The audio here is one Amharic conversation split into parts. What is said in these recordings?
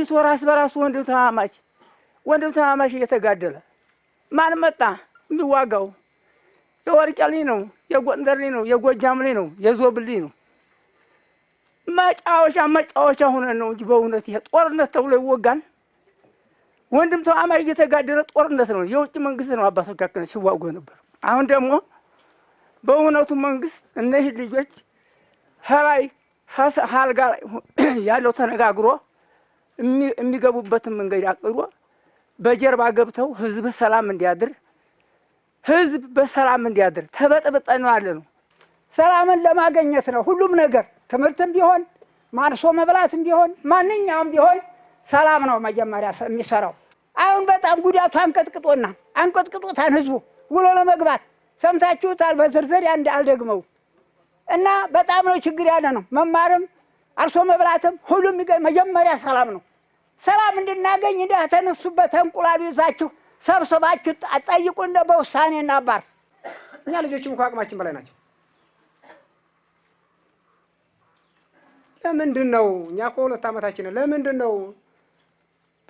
አርቢቱ ራስ በራሱ ወንድም ተማማች ወንድም ተማማች እየተጋደለ ማን መጣ የሚዋጋው? የወርቄሊ ነው፣ የጎንደርሊ ነው፣ የጎጃምሊ ነው፣ የዞብሊ ነው። መጫወቻ መጫወቻ ሆነ ነው እንጂ በእውነት ይሄ ጦርነት ተብሎ ይወጋን። ወንድም ተማማች እየተጋደለ ጦርነት ነው። የውጭ መንግስት ነው አባቶቻችን ሲዋጉ ነበር። አሁን ደግሞ በእውነቱ መንግስት እነዚህ ልጆች ሀላይ ሀልጋ ያለው ተነጋግሮ የሚገቡበትን መንገድ አቅዶ በጀርባ ገብተው ህዝብ ሰላም እንዲያድር ህዝብ በሰላም እንዲያድር ተበጥብጠናል ነው። ሰላምን ለማገኘት ነው ሁሉም ነገር ትምህርትም ቢሆን ማርሶ መብላትም ቢሆን ማንኛውም ቢሆን ሰላም ነው መጀመሪያ የሚሰራው። አሁን በጣም ጉዳቱ አንቀጥቅጦና አንቀጥቅጦታን ህዝቡ ውሎ ለመግባት ሰምታችሁታል። በዝርዝር ያን አልደግመው እና በጣም ነው ችግር ያለ ነው። መማርም አርሶ መብላትም ሁሉም መጀመሪያ ሰላም ነው። ሰላም እንድናገኝ እንዲህ ተነሱበት እንቁላሉ ይዛችሁ ሰብስባችሁ እንደ በውሳኔ እናባር። እኛ ልጆችም እኮ አቅማችን በላይ ናቸው። ለምንድን ነው እኛ እኮ ሁለት ዓመታችን ነው። ለምንድን ነው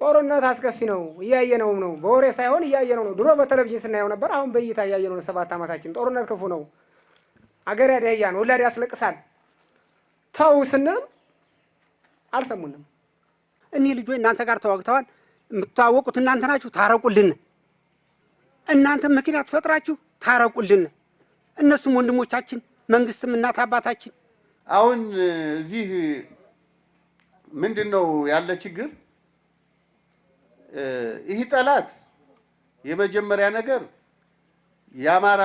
ጦርነት አስከፊ ነው፣ እያየነው ነው። በወሬ ሳይሆን እያየነው ነው። ድሮ በቴሌቪዥን ስናየው ነበር፣ አሁን በእይታ እያየነው ነው። ሰባት ዓመታችን። ጦርነት ክፉ ነው፣ አገር ነው፣ ወላድ ያስለቅሳል። ተው ስንልም አልሰሙንም። እኒህ ልጆች እናንተ ጋር ተዋግተዋል። የምትተዋወቁት እናንተ ናችሁ። ታረቁልን። እናንተ ምክንያት ፈጥራችሁ ታረቁልን። እነሱም ወንድሞቻችን፣ መንግስትም እናት አባታችን። አሁን እዚህ ምንድን ነው ያለ ችግር? ይህ ጠላት የመጀመሪያ ነገር የአማራ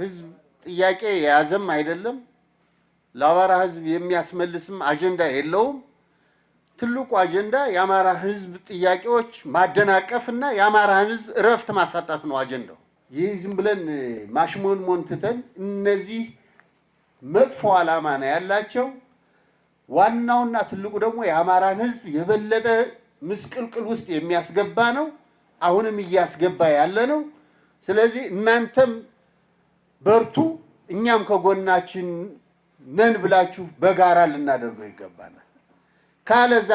ህዝብ ጥያቄ የያዘም አይደለም። ለአማራ ህዝብ የሚያስመልስም አጀንዳ የለውም። ትልቁ አጀንዳ የአማራ ህዝብ ጥያቄዎች ማደናቀፍና የአማራ ህዝብ እረፍት ማሳጣት ነው አጀንዳው። ይህ ዝም ብለን ማሽሞንሞን ትተን እነዚህ መጥፎ ዓላማ ነው ያላቸው። ዋናውና ትልቁ ደግሞ የአማራን ህዝብ የበለጠ ምስቅልቅል ውስጥ የሚያስገባ ነው፣ አሁንም እያስገባ ያለ ነው። ስለዚህ እናንተም በርቱ፣ እኛም ከጎናችን ነን ብላችሁ በጋራ ልናደርገው ይገባናል። ካለዛ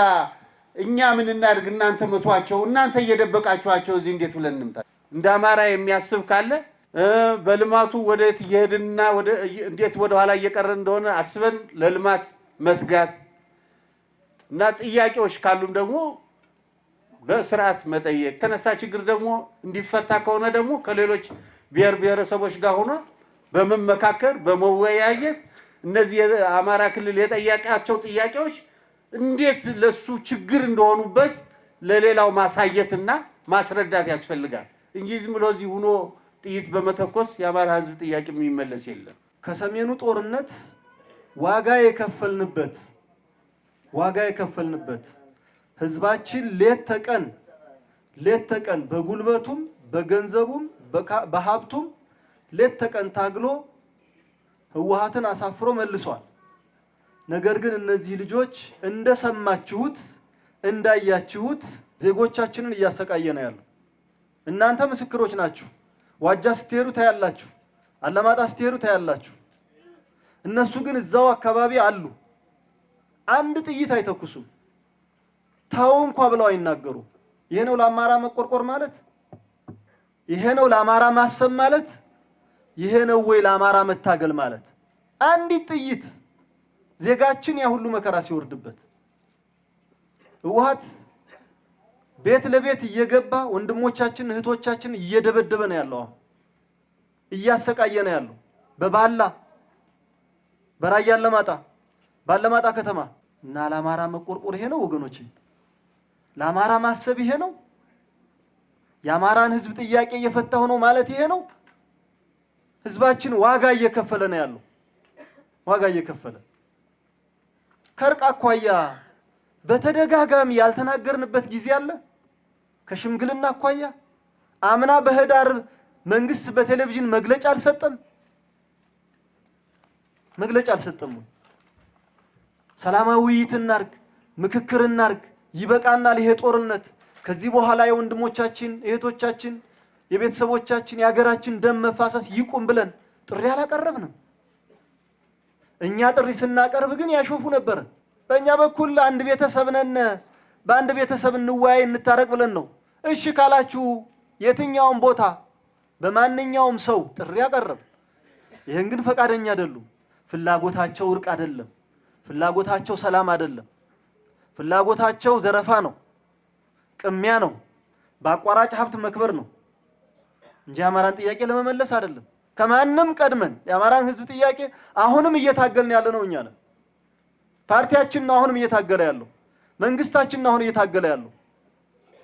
እኛ ምን እናድርግ? እናንተ መቷቸው፣ እናንተ እየደበቃችኋቸው እዚህ እንዴት ብለን እንምጣ? እንደ አማራ የሚያስብ ካለ በልማቱ ወደት እየሄድንና እንዴት ወደኋላ እየቀረን እንደሆነ አስበን ለልማት መትጋት እና ጥያቄዎች ካሉም ደግሞ በስርዓት መጠየቅ ተነሳ ችግር ደግሞ እንዲፈታ ከሆነ ደግሞ ከሌሎች ብሔር ብሔረሰቦች ጋር ሆኖ በመመካከር በመወያየት እነዚህ የአማራ ክልል የጠያቂያቸው ጥያቄዎች እንዴት ለሱ ችግር እንደሆኑበት ለሌላው ማሳየትና ማስረዳት ያስፈልጋል እንጂ ዝም ብሎ እዚህ ሆኖ ጥይት በመተኮስ የአማራ ሕዝብ ጥያቄ የሚመለስ የለም። ከሰሜኑ ጦርነት ዋጋ የከፈልንበት ዋጋ የከፈልንበት ሕዝባችን ሌት ተቀን ሌት ተቀን በጉልበቱም በገንዘቡም በሀብቱም ሌት ተቀን ታግሎ ህወሓትን አሳፍሮ መልሷል። ነገር ግን እነዚህ ልጆች እንደሰማችሁት እንዳያችሁት ዜጎቻችንን እያሰቃየ ነው ያለው። እናንተ ምስክሮች ናችሁ። ዋጃ ስትሄዱ ታያላችሁ፣ አለማጣ ስትሄዱ ታያላችሁ። እነሱ ግን እዛው አካባቢ አሉ። አንድ ጥይት አይተኩሱም። ታው እንኳ ብለው አይናገሩ። ይሄ ነው ለአማራ መቆርቆር ማለት? ይሄ ነው ለአማራ ማሰብ ማለት? ይሄ ነው ወይ ለአማራ መታገል ማለት? አንዲት ጥይት ዜጋችን ያ ሁሉ መከራ ሲወርድበት ህወሓት ቤት ለቤት እየገባ ወንድሞቻችን እህቶቻችን እየደበደበ ነው ያለው። አሁን እያሰቃየ ነው ያለው። በባላ በራያ አላማጣ ባለማጣ ከተማ እና ለአማራ መቆርቆር ይሄ ነው ወገኖች፣ ለአማራ ማሰብ ይሄ ነው። የአማራን ህዝብ ጥያቄ እየፈታሁ ነው ማለት ይሄ ነው። ህዝባችን ዋጋ እየከፈለ ነው ያለው፣ ዋጋ እየከፈለ ከእርቅ አኳያ በተደጋጋሚ ያልተናገርንበት ጊዜ አለ። ከሽምግልና አኳያ አምና በህዳር መንግስት በቴሌቪዥን መግለጫ አልሰጠም መግለጫ አልሰጠም። ሰላማዊ ውይይት እናርግ፣ ምክክር እናርግ፣ ይበቃናል ይሄ ጦርነት። ከዚህ በኋላ የወንድሞቻችን እህቶቻችን፣ የቤተሰቦቻችን፣ የሀገራችን ደም መፋሰስ ይቁም ብለን ጥሪ አላቀረብንም። እኛ ጥሪ ስናቀርብ ግን ያሾፉ ነበር። በእኛ በኩል አንድ ቤተሰብ ነን፣ በአንድ ቤተሰብ እንወያይ፣ እንታረቅ ብለን ነው። እሺ ካላችሁ የትኛውም ቦታ በማንኛውም ሰው ጥሪ አቀረብ። ይህን ግን ፈቃደኛ አይደሉም። ፍላጎታቸው እርቅ አይደለም። ፍላጎታቸው ሰላም አይደለም። ፍላጎታቸው ዘረፋ ነው፣ ቅሚያ ነው፣ በአቋራጭ ሀብት መክበር ነው እንጂ አማራን ጥያቄ ለመመለስ አይደለም። ከማንም ቀድመን የአማራን ህዝብ ጥያቄ አሁንም እየታገልን ያለ ነው እኛ ነን። ፓርቲያችን ነው አሁንም እየታገለ ያለው፣ መንግስታችን አሁን እየታገለ ያለው።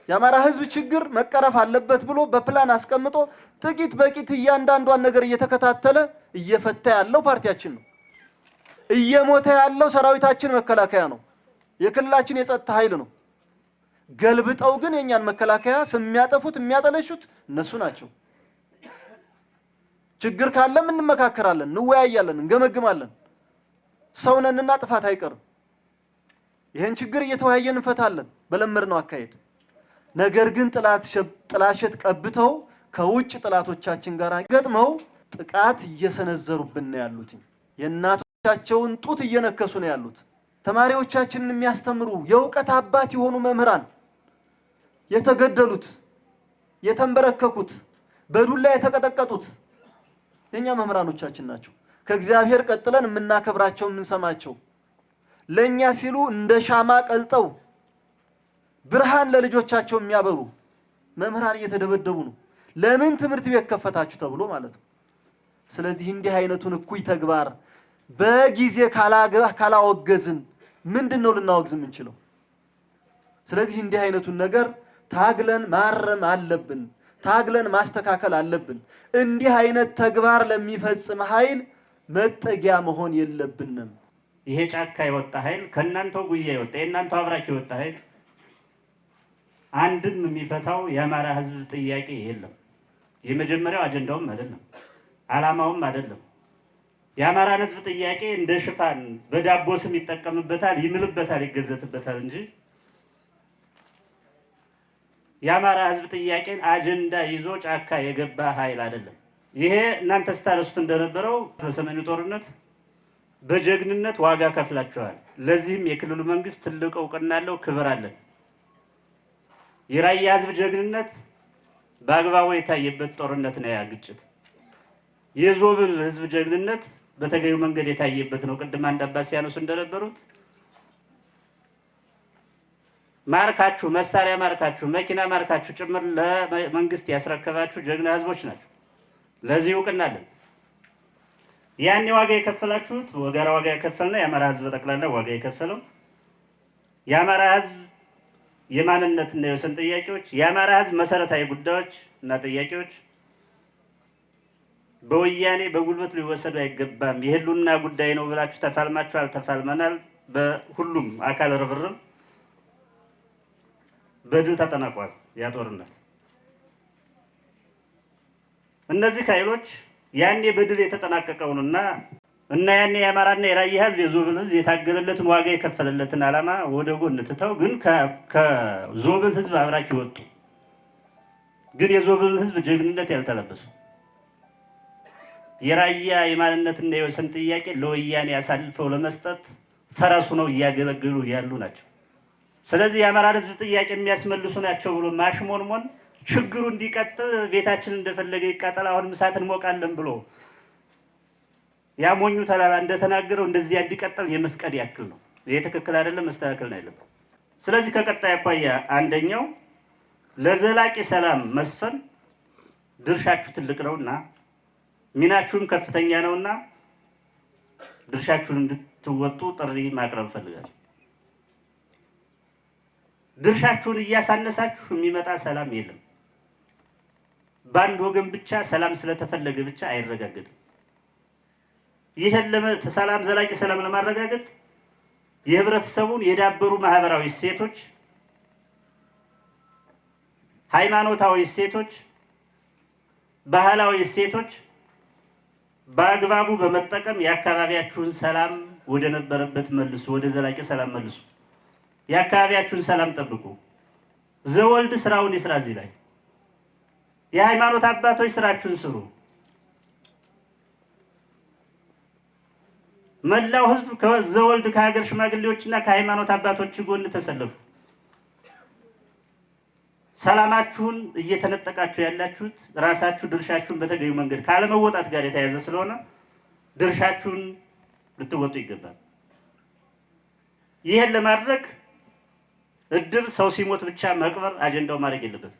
የአማራ ህዝብ ችግር መቀረፍ አለበት ብሎ በፕላን አስቀምጦ ጥቂት በቂት እያንዳንዷን ነገር እየተከታተለ እየፈታ ያለው ፓርቲያችን ነው። እየሞተ ያለው ሰራዊታችን መከላከያ ነው፣ የክልላችን የጸጥታ ኃይል ነው። ገልብጠው ግን የእኛን መከላከያ ስሚያጠፉት የሚያጠለሹት እነሱ ናቸው። ችግር ካለም እንመካከራለን፣ እንወያያለን፣ እንገመግማለን። ሰውነንና ጥፋት አይቀርም። ይህን ችግር እየተወያየን እንፈታለን በለመድነው አካሄድ። ነገር ግን ጥላሸት ቀብተው ከውጭ ጥላቶቻችን ጋር ገጥመው ጥቃት እየሰነዘሩብን ነው ያሉት። የእናቶቻቸውን ጡት እየነከሱ ነው ያሉት። ተማሪዎቻችንን የሚያስተምሩ የእውቀት አባት የሆኑ መምህራን የተገደሉት፣ የተንበረከኩት፣ በዱላ የተቀጠቀጡት የእኛ መምህራኖቻችን ናቸው። ከእግዚአብሔር ቀጥለን የምናከብራቸው የምንሰማቸው፣ ለእኛ ሲሉ እንደ ሻማ ቀልጠው ብርሃን ለልጆቻቸው የሚያበሩ መምህራን እየተደበደቡ ነው። ለምን ትምህርት ቤት ከፈታችሁ ተብሎ ማለት ነው። ስለዚህ እንዲህ አይነቱን እኩይ ተግባር በጊዜ ካላወገዝን ምንድን ነው ልናወግዝ የምንችለው? ስለዚህ እንዲህ አይነቱን ነገር ታግለን ማረም አለብን። ታግለን ማስተካከል አለብን። እንዲህ አይነት ተግባር ለሚፈጽም ኃይል መጠጊያ መሆን የለብንም። ይሄ ጫካ የወጣ ኃይል ከእናንተው ጉያ የወጣ የእናንተው አብራክ የወጣ ኃይል አንድም የሚፈታው የአማራ ሕዝብ ጥያቄ የለም። የመጀመሪያው አጀንዳውም አይደለም፣ አላማውም አይደለም። የአማራን ሕዝብ ጥያቄ እንደ ሽፋን በዳቦ ስም ይጠቀምበታል፣ ይምልበታል፣ ይገዘትበታል እንጂ የአማራ ህዝብ ጥያቄን አጀንዳ ይዞ ጫካ የገባ ኃይል አይደለም። ይሄ እናንተ ስታነሱት እንደነበረው በሰሜኑ ጦርነት በጀግንነት ዋጋ ከፍላቸዋል። ለዚህም የክልሉ መንግስት ትልቅ እውቅና አለው፣ ክብር አለን። የራያ ህዝብ ጀግንነት በአግባቡ የታየበት ጦርነት ነው ያ ግጭት። የዞብል ህዝብ ጀግንነት በተገቢው መንገድ የታየበት ነው። ቅድም አንድ አባት ሲያነሱ እንደነበሩት ማርካችሁ መሳሪያ ማርካችሁ መኪና ማርካችሁ ጭምር ለመንግስት ያስረከባችሁ ጀግና ህዝቦች ናቸው። ለዚህ እውቅና አለን። ያኔ ዋጋ የከፈላችሁት ወገራ ዋጋ የከፈልነው የአማራ ህዝብ በጠቅላላ ዋጋ የከፈለው የአማራ ህዝብ የማንነትና የወሰን ጥያቄዎች፣ የአማራ ህዝብ መሰረታዊ ጉዳዮች እና ጥያቄዎች በወያኔ በጉልበት ሊወሰዱ አይገባም፣ የህሉና ጉዳይ ነው ብላችሁ ተፋልማችኋል። ተፋልመናል። በሁሉም አካል ርብርብ በድል ተጠናቋል። ያ ጦርነት እነዚህ ኃይሎች ያኔ በድል የተጠናቀቀውንና እና ያኔ የአማራና የራያ ህዝብ የዞብል ህዝብ የታገለለትን ዋጋ የከፈለለትን ዓላማ ወደ ጎን ትተው ግን ከዞብል ህዝብ አብራክ ይወጡ ግን የዞብል ህዝብ ጀግንነት ያልተለበሱ የራያ የማንነትና የወሰን ጥያቄ ለወያኔ አሳልፈው ለመስጠት ፈረሱ ነው እያገለገሉ ያሉ ናቸው። ስለዚህ የአማራ ህዝብ ጥያቄ የሚያስመልሱ ናቸው ብሎ ማሽሞንሞን ችግሩ እንዲቀጥል ቤታችን እንደፈለገ ይቃጠል፣ አሁን ምሳት እንሞቃለን ብሎ ያሞኙ ተላላ እንደተናገረው እንደዚህ እንዲቀጥል የመፍቀድ ያክል ነው። ይህ ትክክል አይደለም፣ መስተካከል ነው ያለበት። ስለዚህ ከቀጣይ አኳያ አንደኛው ለዘላቂ ሰላም መስፈን ድርሻችሁ ትልቅ ነውና ሚናችሁም ከፍተኛ እና ድርሻችሁን እንድትወጡ ጥሪ ማቅረብ እፈልጋለሁ። ድርሻችሁን እያሳነሳችሁ የሚመጣ ሰላም የለም። በአንድ ወገን ብቻ ሰላም ስለተፈለገ ብቻ አይረጋገጥም። ይህን ሰላም ዘላቂ ሰላም ለማረጋገጥ የህብረተሰቡን የዳበሩ ማህበራዊ እሴቶች፣ ሃይማኖታዊ እሴቶች፣ ባህላዊ እሴቶች በአግባቡ በመጠቀም የአካባቢያችሁን ሰላም ወደ ነበረበት መልሱ፣ ወደ ዘላቂ ሰላም መልሱ። የአካባቢያችሁን ሰላም ጠብቁ። ዘወልድ ስራውን ይስራ። እዚህ ላይ የሃይማኖት አባቶች ስራችሁን ስሩ። መላው ህዝብ ከዘወልድ ከሀገር ሽማግሌዎችና ከሃይማኖት አባቶች ጎን ተሰለፉ። ሰላማችሁን እየተነጠቃችሁ ያላችሁት ራሳችሁ ድርሻችሁን በተገቢው መንገድ ካለመወጣት ጋር የተያያዘ ስለሆነ ድርሻችሁን ልትወጡ ይገባል። ይህን ለማድረግ እድር ሰው ሲሞት ብቻ መቅበር አጀንዳው ማድረግ የለበትም።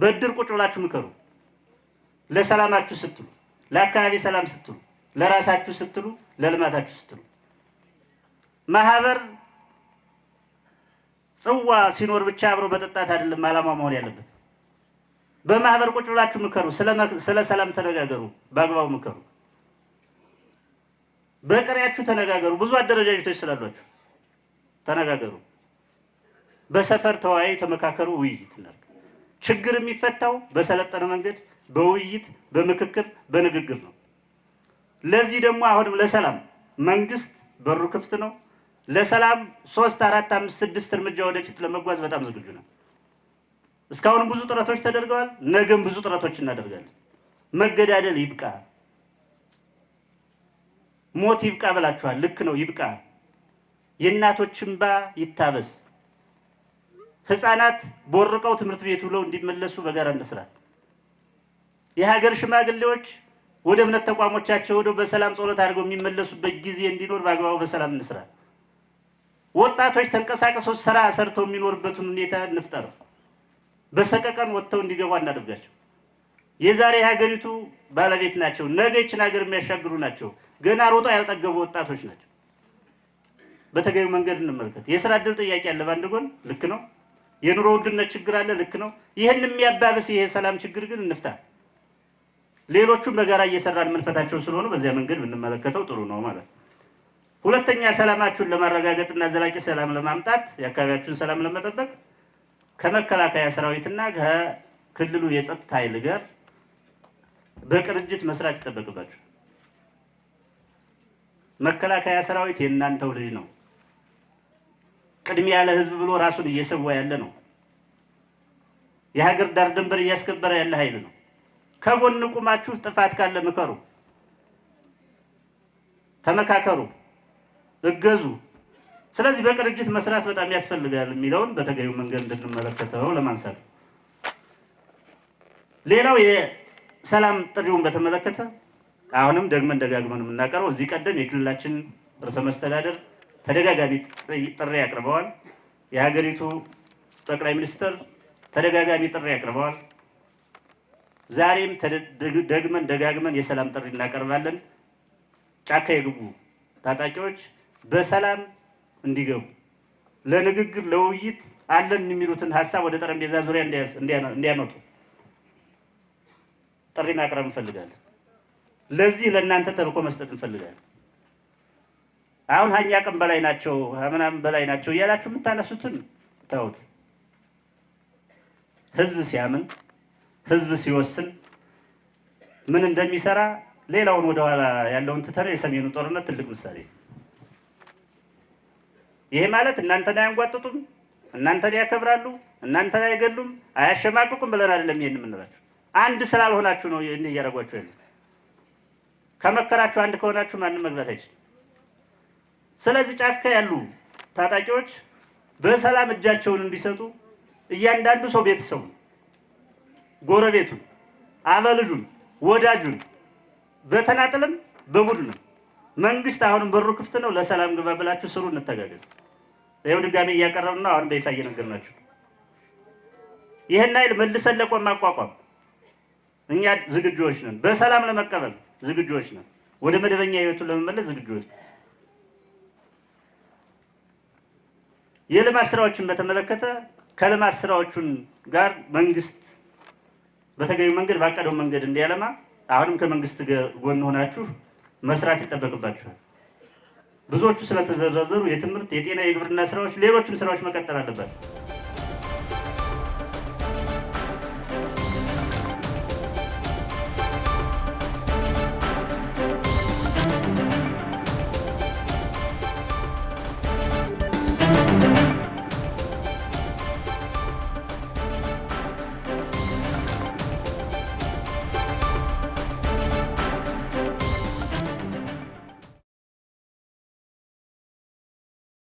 በእድር ቁጭ ብላችሁ ምከሩ። ለሰላማችሁ ስትሉ፣ ለአካባቢ ሰላም ስትሉ፣ ለራሳችሁ ስትሉ፣ ለልማታችሁ ስትሉ ማህበር ጽዋ ሲኖር ብቻ አብሮ መጠጣት አይደለም አላማ መሆን ያለበት። በማህበር ቁጭ ብላችሁ ምከሩ። ስለ ሰላም ተነጋገሩ፣ በአግባቡ ምከሩ። በቅሬያችሁ ተነጋገሩ። ብዙ አደረጃጀቶች ስላሏችሁ ተነጋገሩ። በሰፈር ተወያዩ፣ ተመካከሩ፣ ውይይት እናድርግ። ችግር የሚፈታው በሰለጠነ መንገድ በውይይት በምክክር በንግግር ነው። ለዚህ ደግሞ አሁንም ለሰላም መንግስት በሩ ክፍት ነው። ለሰላም ሶስት አራት አምስት ስድስት እርምጃ ወደፊት ለመጓዝ በጣም ዝግጁ ነው። እስካሁንም ብዙ ጥረቶች ተደርገዋል። ነገም ብዙ ጥረቶች እናደርጋለን። መገዳደል ይብቃ፣ ሞት ይብቃ ብላችኋል። ልክ ነው፣ ይብቃ። የእናቶች እንባ ይታበስ። ህፃናት ቦርቀው ትምህርት ቤት ውለው እንዲመለሱ በጋራ እንስራል። የሀገር ሽማግሌዎች ወደ እምነት ተቋሞቻቸው ወደ በሰላም ጸሎት አድርገው የሚመለሱበት ጊዜ እንዲኖር በአግባቡ በሰላም እንስራል። ወጣቶች ተንቀሳቀሰው ስራ ሰርተው የሚኖርበትን ሁኔታ እንፍጠር። በሰቀቀን ወጥተው እንዲገቡ እናደርጋቸው። የዛሬ ሀገሪቱ ባለቤት ናቸው። ነገችን ሀገር የሚያሻግሩ ናቸው። ገና ሮጦ ያልጠገቡ ወጣቶች ናቸው። በተገቢው መንገድ እንመልከት። የስራ እድል ጥያቄ አለ በአንድ ጎን ልክ ነው። የኑሮ ውድነት ችግር አለ ልክ ነው። ይህን የሚያባብስ ይሄ ሰላም ችግር ግን እንፍታ። ሌሎቹም በጋራ እየሰራን የምንፈታቸው ስለሆኑ በዚያ መንገድ ብንመለከተው ጥሩ ነው ማለት ነው። ሁለተኛ ሰላማችሁን ለማረጋገጥና ዘላቂ ሰላም ለማምጣት የአካባቢያችሁን ሰላም ለመጠበቅ ከመከላከያ ሰራዊትና ከክልሉ የጸጥታ ኃይል ጋር በቅንጅት መስራት ይጠበቅባችሁ። መከላከያ ሰራዊት የእናንተው ልጅ ነው። ቅድሚያ ያለ ህዝብ ብሎ ራሱን እየሰዋ ያለ ነው። የሀገር ዳር ድንበር እያስከበረ ያለ ኃይል ነው። ከጎን ቁማችሁ ጥፋት ካለ ምከሩ፣ ተመካከሩ፣ እገዙ። ስለዚህ በቅንጅት መስራት በጣም ያስፈልጋል የሚለውን በተገቢው መንገድ እንድንመለከተው ለማንሳት ሌላው የሰላም ጥሪውን በተመለከተ አሁንም ደግመን ደጋግመን የምናቀርበው እዚህ ቀደም የክልላችን ርዕሰ መስተዳደር ተደጋጋሚ ጥሪ አቅርበዋል። የሀገሪቱ ጠቅላይ ሚኒስትር ተደጋጋሚ ጥሪ አቅርበዋል። ዛሬም ደግመን ደጋግመን የሰላም ጥሪ እናቀርባለን። ጫካ የገቡ ታጣቂዎች በሰላም እንዲገቡ ለንግግር ለውይይት አለን የሚሉትን ሀሳብ ወደ ጠረጴዛ ዙሪያ እንዲያመጡ ጥሪ ማቅረብ እንፈልጋለን። ለዚህ ለእናንተ ተልኮ መስጠት እንፈልጋለን። አሁን ሀያ ቀን በላይ ናቸው ምናምን በላይ ናቸው እያላችሁ የምታነሱትን ተውት። ህዝብ ሲያምን ህዝብ ሲወስን ምን እንደሚሰራ ሌላውን ወደኋላ ያለውን ትተን የሰሜኑ ጦርነት ትልቅ ምሳሌ ይሄ ማለት እናንተን አያንጓጥጡም፣ እናንተን ያከብራሉ፣ እናንተን አይገሉም፣ አያሸማቅቁም ብለን አይደለም ይሄን የምንላችሁ። አንድ ስላልሆናችሁ ነው ይህን እያደረጓችሁ ያሉት። ከመከራችሁ አንድ ከሆናችሁ ማንም መግባት አይችልም። ስለዚህ ጫካ ያሉ ታጣቂዎች በሰላም እጃቸውን እንዲሰጡ እያንዳንዱ ሰው ቤተሰቡ፣ ጎረቤቱን፣ አበልጁን፣ ወዳጁን በተናጥልም በቡድን መንግስት አሁንም በሩ ክፍት ነው። ለሰላም ግባ ብላችሁ ስሩ፣ እንተጋገዝ። ይኸው ድጋሜ እያቀረብን ነው። አሁን በይፋ እየነገርናችሁ ይህን ኃይል መልሰን ለቆም ማቋቋም እኛ ዝግጆች ነን። በሰላም ለመቀበል ዝግጆች ነን። ወደ መደበኛ ህይወቱን ለመመለስ ዝግጆች ነን። የልማት ስራዎችን በተመለከተ ከልማት ስራዎቹን ጋር መንግስት በተገቢው መንገድ ባቀደው መንገድ እንዲያለማ አሁንም ከመንግስት ጎን ሆናችሁ መስራት ይጠበቅባችኋል። ብዙዎቹ ስለተዘረዘሩ የትምህርት፣ የጤና፣ የግብርና ስራዎች፣ ሌሎችም ስራዎች መቀጠል አለባቸው።